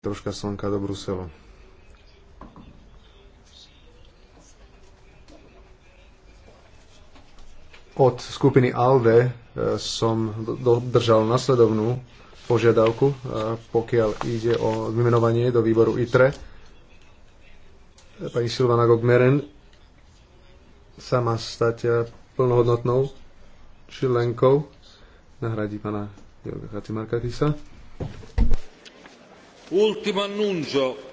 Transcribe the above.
troška slnka do Bruselu. Od skupiny ALDE e, som dodržal nasledovnú požiadavku, e, pokiaľ ide o vymenovanie do výboru ITRE. E, pani Silvana Gogmeren sa má stať plnohodnotnou členkou, nahradí pana Jorga Kisa. Ultimo annuncio.